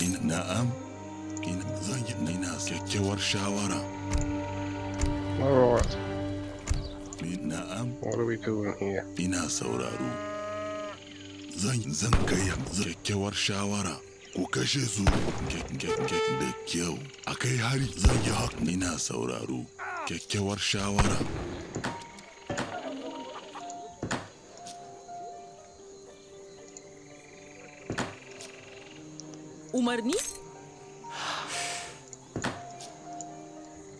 ina na'am ina zan yi ina kyakkyawar shawara Alright. Na'am. What are we doing here? Ina sauraro. Zan zan kai kyakkyawar shawara. Ku kashe su da kyau. A kai hari zan yi haka. ina sauraro. Kyakkyawar shawara. umarni?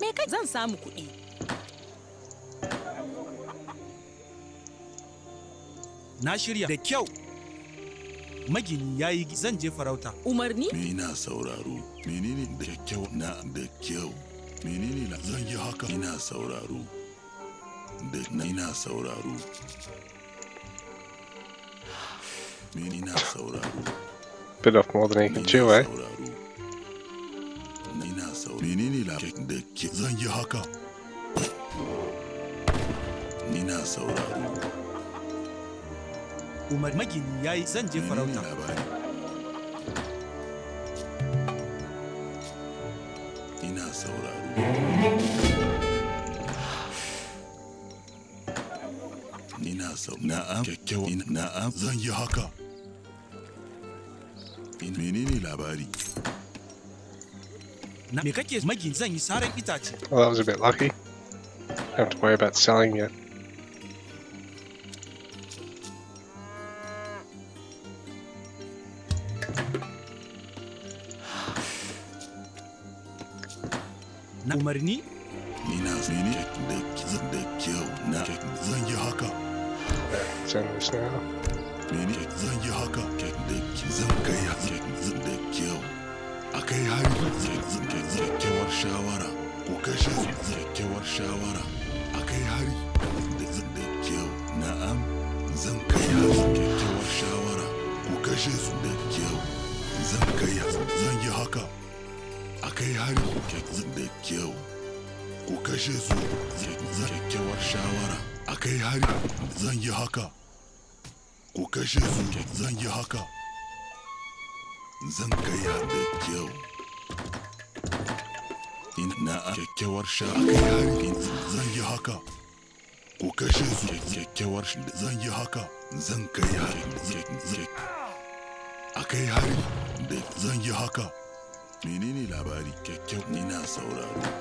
Me kai zan samu kuɗi. Na shirya da kyau. Magini ya yi zan je farauta. Umarni? Me ina sauraro, menene da kyau na da kyau. Menene na zan yi haka? Ina sauraro. Da na ina sauraro. na sauraro. bit off more than he can chew, eh? Umar magini ya yi zan je farauta. Ina sauraro. Ina sauraro. Na'am, kyakkyawa. Na'am, zan yi haka menene labari me kake magin zan yi saran itace well that was a bit lucky I have to worry about selling yet na umarni ni na da kyau na zan yi haka mene zan yi haka zan kai zan da kyau aka yi haihu zan zakkewar shawara ku kashe zakkewar shawara aka yi hari da zan da kyau na'am zan kai zakkewar shawara ko kashe su da kyau zan kai zan yi haka A kai hari zan da kyau ku kashe su zakkewar shawara a kai hari zan yi haka ku kashe su zan yi haka zan gaya da kyau ina a kyakkyawar sha kai zan yi haka ku kashe su kyakkyawar zan yi haka zan kai hari a kai hari da zan yi haka menene labari kyakkyau ina sauraro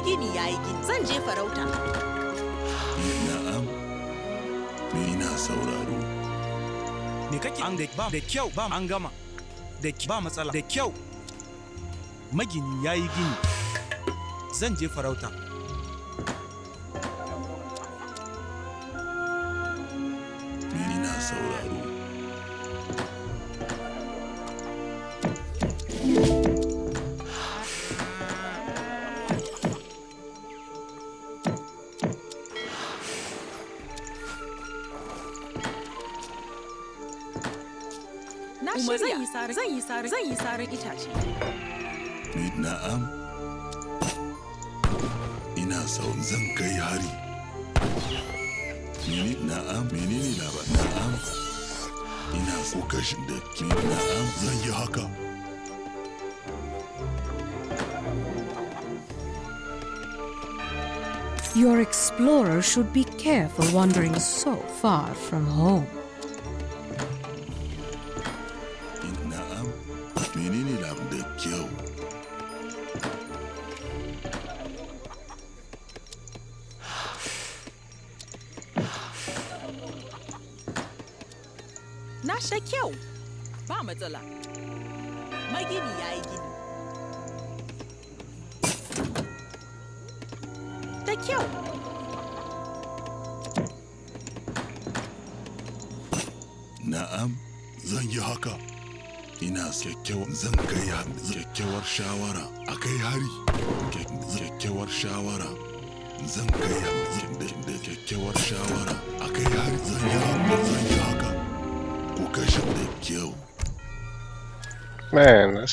gini ya yi gini zan je farauta. Na'am, me na sauraro. Me kake an ba da kyau ba an gama. Da ba matsala da kyau. Magini ya yi gini. Zan je farauta. zan yi itace na'am ina son zan kai hari na'am menene na'am ina so kashin da na'am zan yi haka Your explorer should be careful wandering so far from home.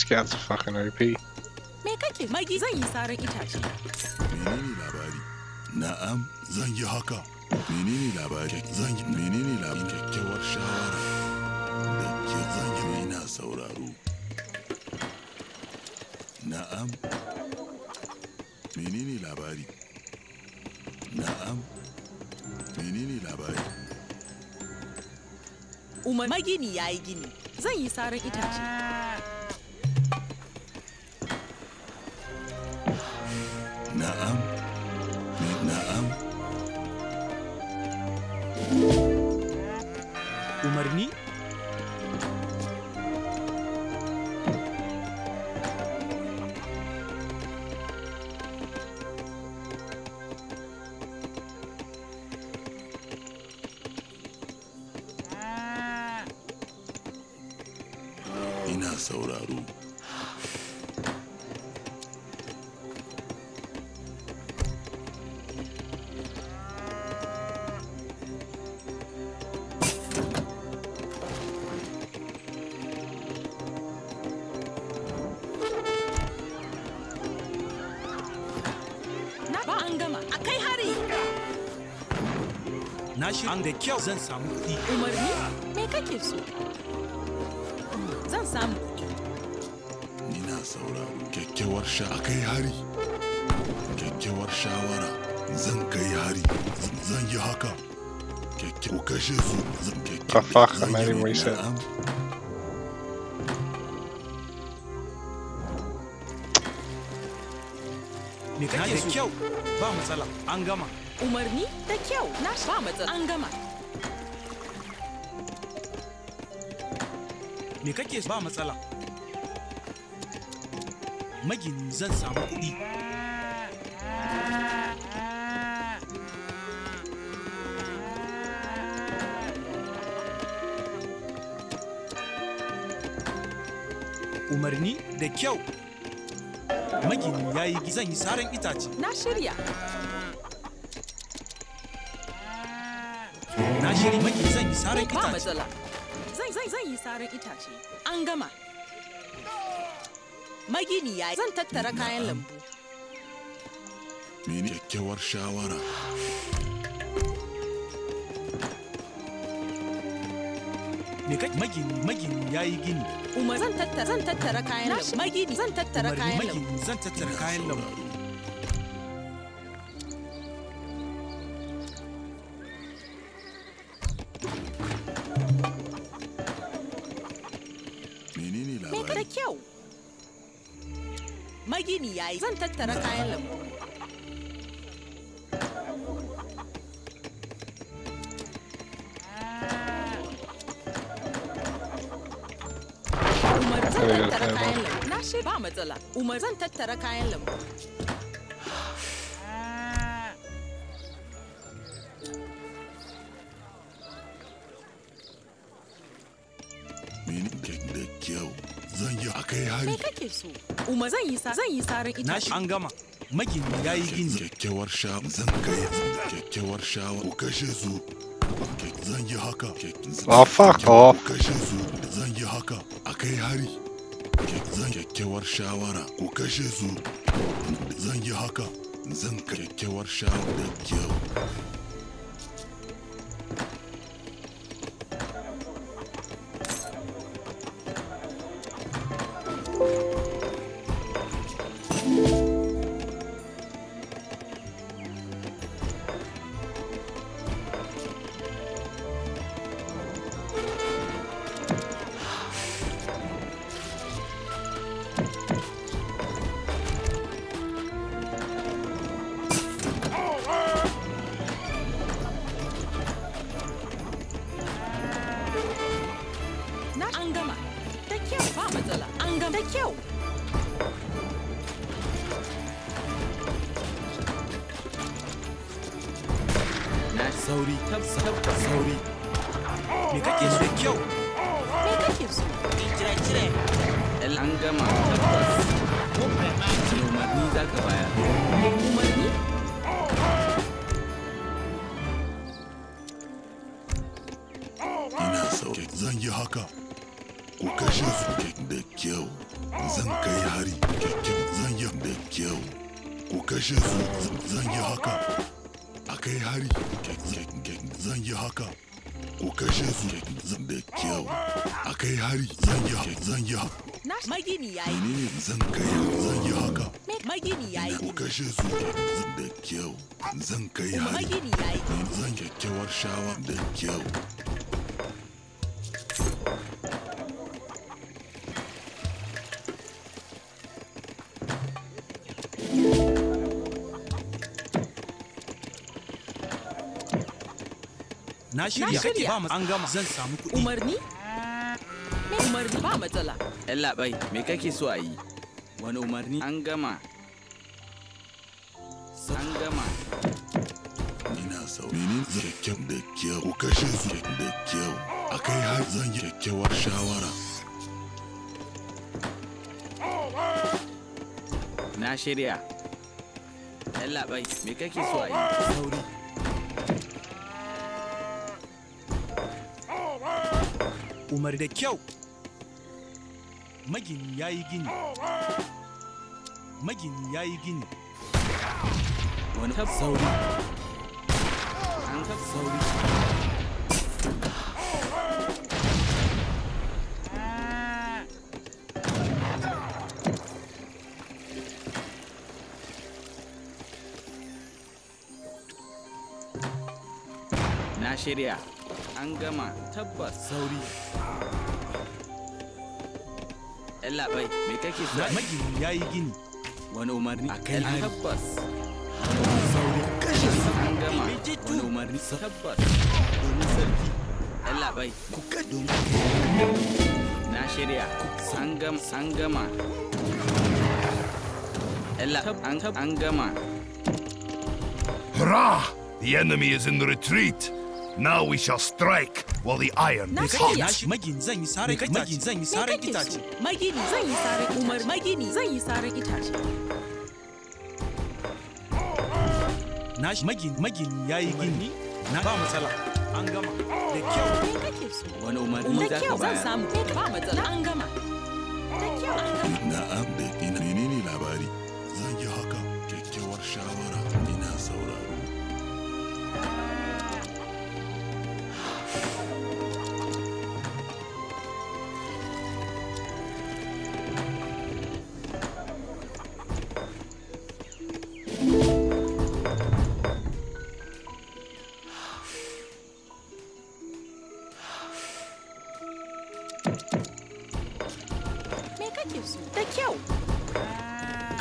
Scout's are fucking OP. Me kake mai zan yi sarar itace. Menene Na'am, zan yi haka. Menene labari? Zan yi menene labari? Kyakkyawar shawara. Da Na'am. Menene labari? Na'am. Menene labari? Umar magini yayi gini. Zan yi sarar itace. ashirin da kyau zan samu kuɗi. Umarni? Me kake so? Zan samu kuɗi. Ni na sauraro kyakkyawar sha a kai hari. Kyakkyawar zan kai hari. Zan yi haka. Kyakkyau kashe zan kyakkyau. Zan yi Me kake so? Ba matsala, an umarni da kyau na ba matsala an gama me kake ba matsala magini zan samu kuɗi umarni da kyau magini yayi yi zan yi saran itace na shirya shiri muke eh, zan yi itace. Zan An gama. Magini ya zan tattara kayan lambu. Mene kyakkyawar shawara? Me kake magini magini yayi gini. Umar zan tattara kayan lambu. Magini zan tattara kayan lambu. kyau. Magini ya yi zan tattara kayan lambu. Umar zan tattara kayan lambu. Na shi ba matsala. Umar zan tattara kayan lambu. Uma zan yi zan yi sarin ita. Nashi an gama. Magini ya yi gini. Kyakkyawar shawa zan kai kyakkyawar shawa ku kashe su. Zan yi haka. Oh fuck off. Ku kashe su zan yi haka a kai hari. Zan kyakkyawar shawara ku kashe su. Zan yi haka zan kyakkyawar shawara da kyau. ina sauke zan yi haka ku kashe su da kyau zan kai hari zan yi da kyau ku kashe su zan yi haka a kai hari zan yi haka ku kashe su zan da kyau a kai hari zan yi haka zan yi haka magini yayi ne zan kai zan yi haka magini yayi ku kashe su zan da kyau zan kai hari magini yayi zan kyakkyawar shawa da kyau na shirya kake ba mu an gama zan samu kuɗi umarni umarni ba matsala yan labai me kake so a yi wani umarni an gama an gama ina sau mene zai kyau da kyau ku kashe su da kyau kai har zan yi kyakkyawar shawara na shirya yan labai me kake so a yi sauri umar da kyau magini ya yi gini magini ya yi gini wani sauri sauri na shirya an gama tabbas sauri labai me kake so magini yayi gini wani umarni a akai tabbas sauri kashe su an gama wani umarni tabbas domin sarki labai ku kado na shirya an gama an gama an gama ra The enemy is in retreat! Now we shall strike while the iron is hot. zan yi sare itace. magin zan yi sare itace. Magini zan yi sare Umar magini zan yi sare itace. Na magin magini yayi gini. Na ba matsala. An gama. Da kyau. Wani umarni za ka Da kyau zan samu. Ba matsala. An gama. Da kyau Na'am.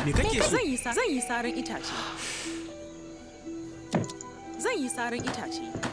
Me kake so? Zan yi zan yi itace. Zan yi sarin itace.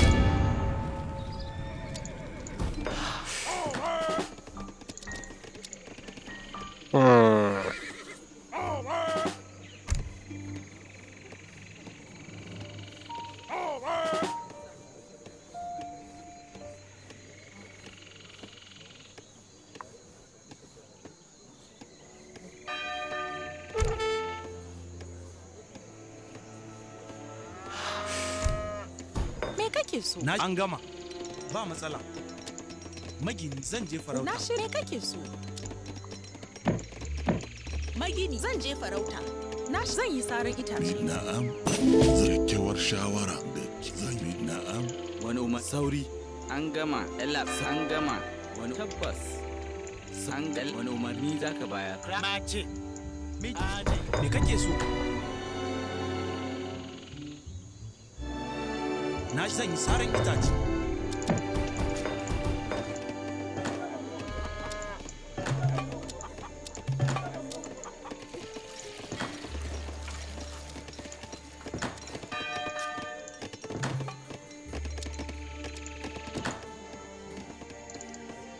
so an gama ba matsala magini zan je farauta na shirye kake so magini zan je farauta na zan yi sarar itace na'am zarkewar shawara da zan yi na'am wani umar sauri an gama ɗala an gama wani tabbas San gal wani umarni zaka bayar ce me kake so na zan yi saran itace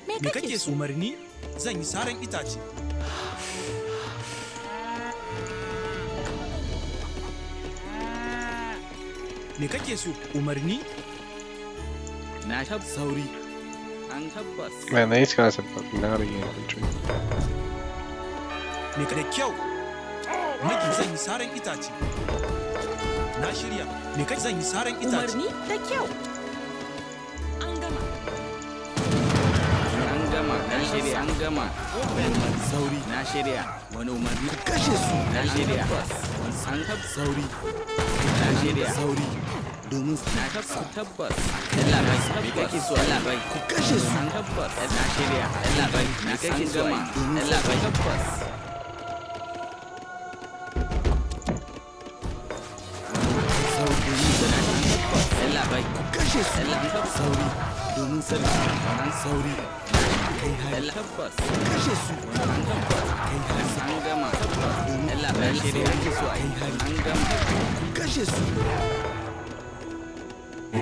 Me kake umarni zan yi saran itace. me kake so umarni na tab sauri an tabbas ba na iska na na rage na me kada kyau maki zan yi saran itace na shirya me kake zan yi saran itace umarni da kyau an gama an gama na shirya an gama sauri na shirya wani umarni kashe su na shirya an tab sauri na shirya sauri domin su na tabbas labai me kake so labai ku kashe su na tabbas na shirya labai me kake so domin labai tabbas su sauri domin sauri sauri kai tabbas kashe su tabbas kai har an gama tabbas domin labai shirya kai har an gama kashe su I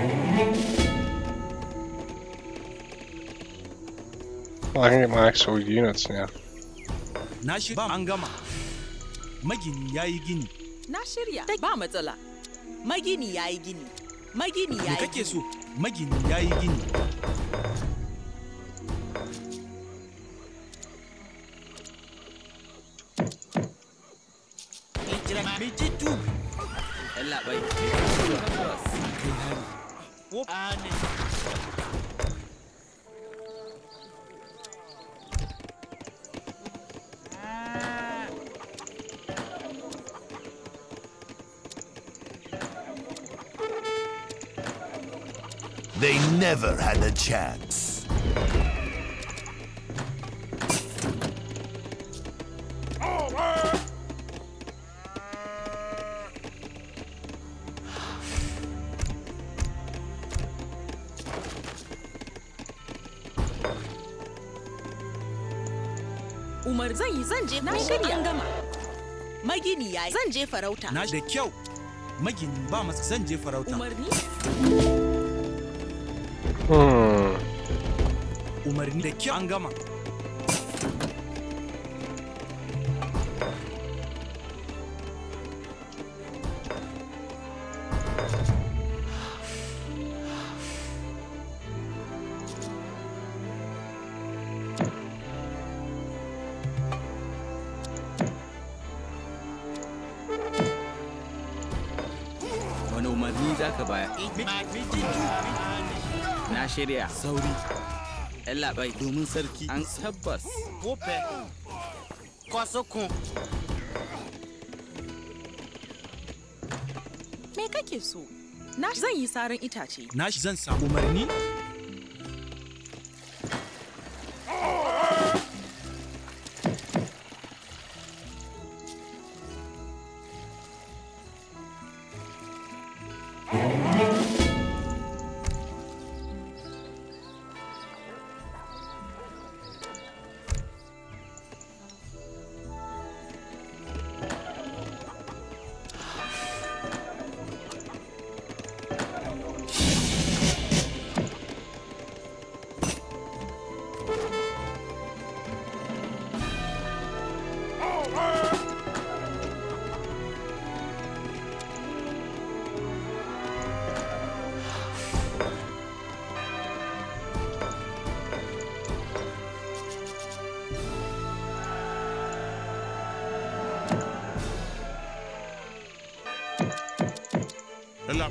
can get my actual units now. Nashir Angama. Magin Yaigini. Nashiria. Bamatala. Magini Yaigini. Magini Yaigini. Magini Yaigini. Mijit tu. Allah baik. Kai hari. Whoop. And They never had a chance. je ko an gama. Magini ya yi. Zan je farauta. Na da kyau. Magini ba masu zan je farauta. Umarni? Hmm. Umarni da kyau an gama. shirya sauri labai domin sarki an tabbas wofe kwasokun me kake so na zan yi sarin itace na zan samu marni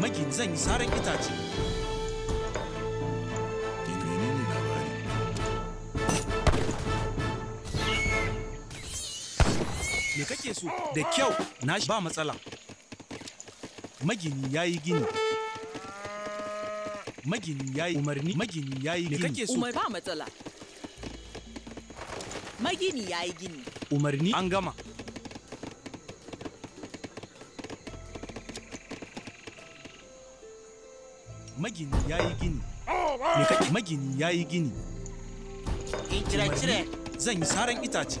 magin zan yi itace me kake so da kyau na ba matsala magini ya yi gini magini ya yi umarni magini ya yi gini kake so ba matsala magini ya yi gini umarni an gama magini ya yi gini me kake magini ya yi gini in kira kira zan yi saran itace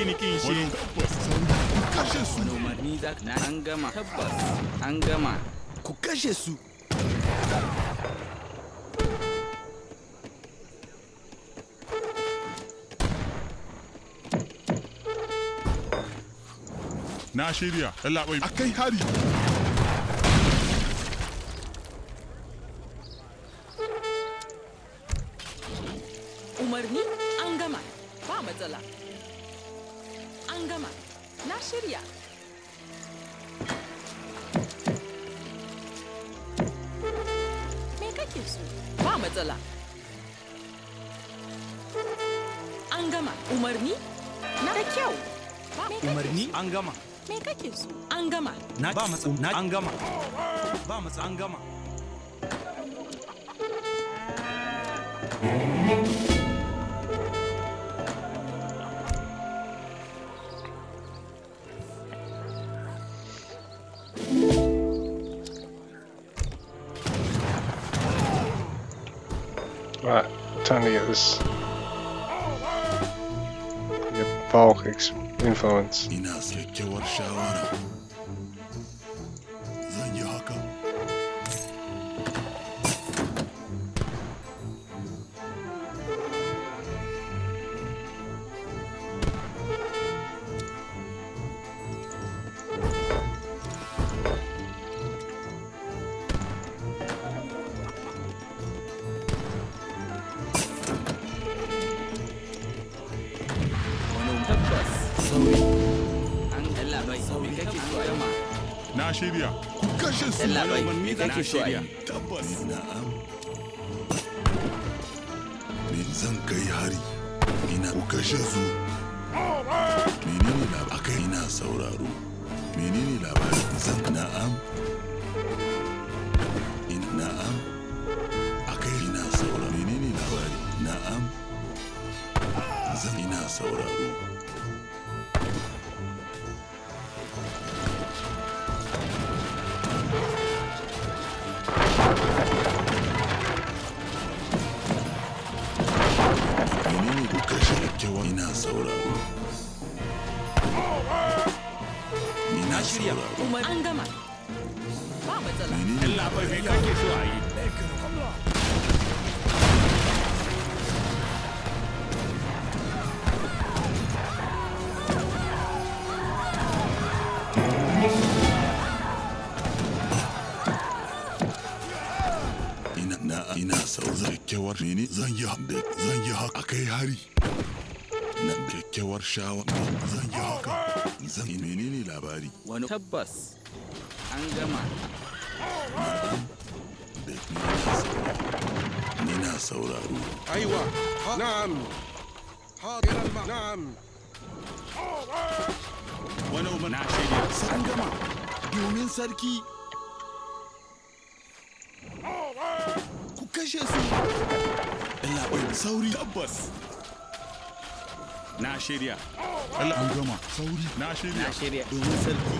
ginikin shi ku kashe su umarni za ka an gama tabbas an gama ku kashe su na shirya lallaɓai a kai hari ba matsa an gama ba matsa an Right, time to get this. Your bulk influence. Allah na'am zan hari ina ku kyakkyawar mene zan yi haka zan yi haka kai hari na kyakkyawar shawar zan yi haka zan yi ne labari wani tabbas an gama ni na sauraro aiwa na'am na'am wani umar na shirya an gama domin sarki kashe su labai sauri tabbas na shirya Allah an gama sauri na shirya na shirya domin sarki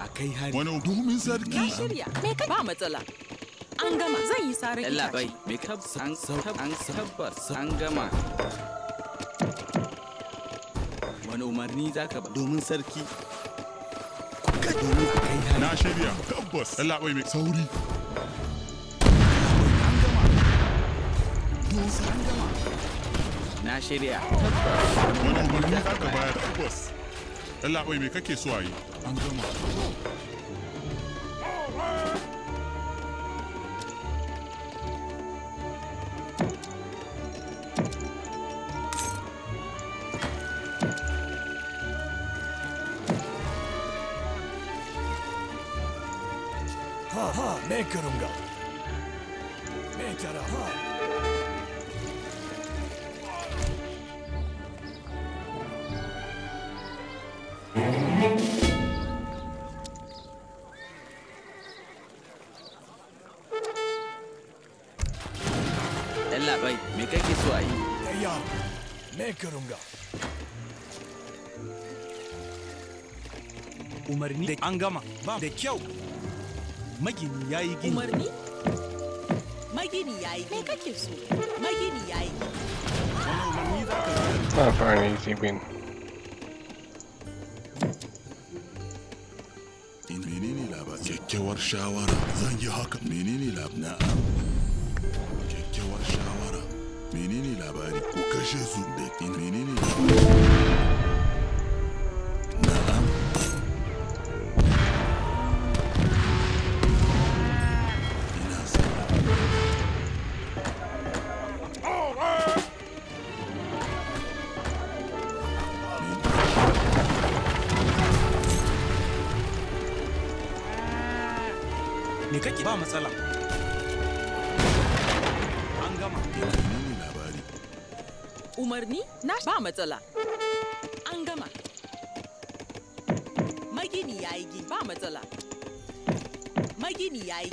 a kai hari wani domin sarki na shirya me kai ba matsala an gama zan yi sarki Allah bai me ka an tabbas an gama wani umarni zaka ba domin sarki domin a hari na shirya tabbas Allah bai me sauri na shirya wannan umarni aka bayar tabbas Allah bai me kake so a yi an gama Ha ha, ne kırıngal. umarni da an gama ba da kyau magini ya yi gini umarni magini ya yi me kake so magini ya yi gini umarni fara ka It's bin Menene labarin? Kyakkyawar shawara. Zan yi haka. Menene labna Na'am. Kyakkyawar shawara. Menene labari? ko kashe su da menene labari? matsala an gama magini ya yi gini ba matsala magini ya yi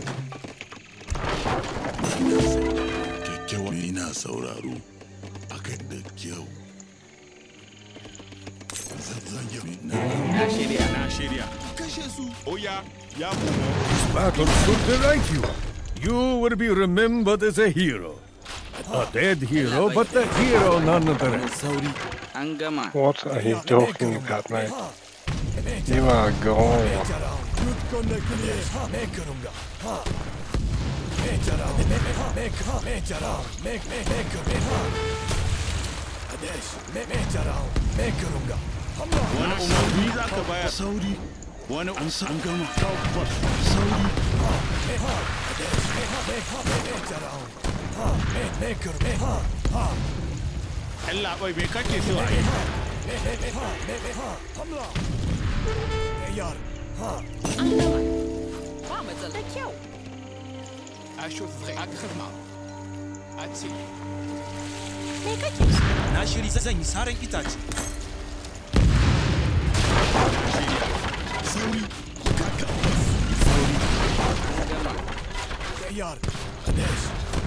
gini kyakkyawa ina sauraro a kan da kyau zazzage na shirya na shirya kashe su oya ya kuma battle should thank you you will be remembered as a hero A dead hero, but the hero nonetheless. What are you talking about, mate? You are gone. Saudi, wani an gama. Saudi. Allah bai me kake so a yi yar an gama ba matsala da kyau a shufre a karma a ce me kake so na shiri zan yi saran itace sauri kaka sauri yar Hades.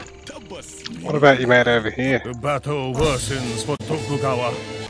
What about you, mate, over here? The battle worsens for Tokugawa.